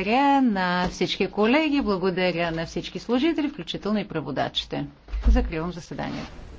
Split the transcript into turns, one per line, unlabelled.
Благодаря на всички колеги, благодаря на всички служители, включително и преводачите. Закривам заседанието.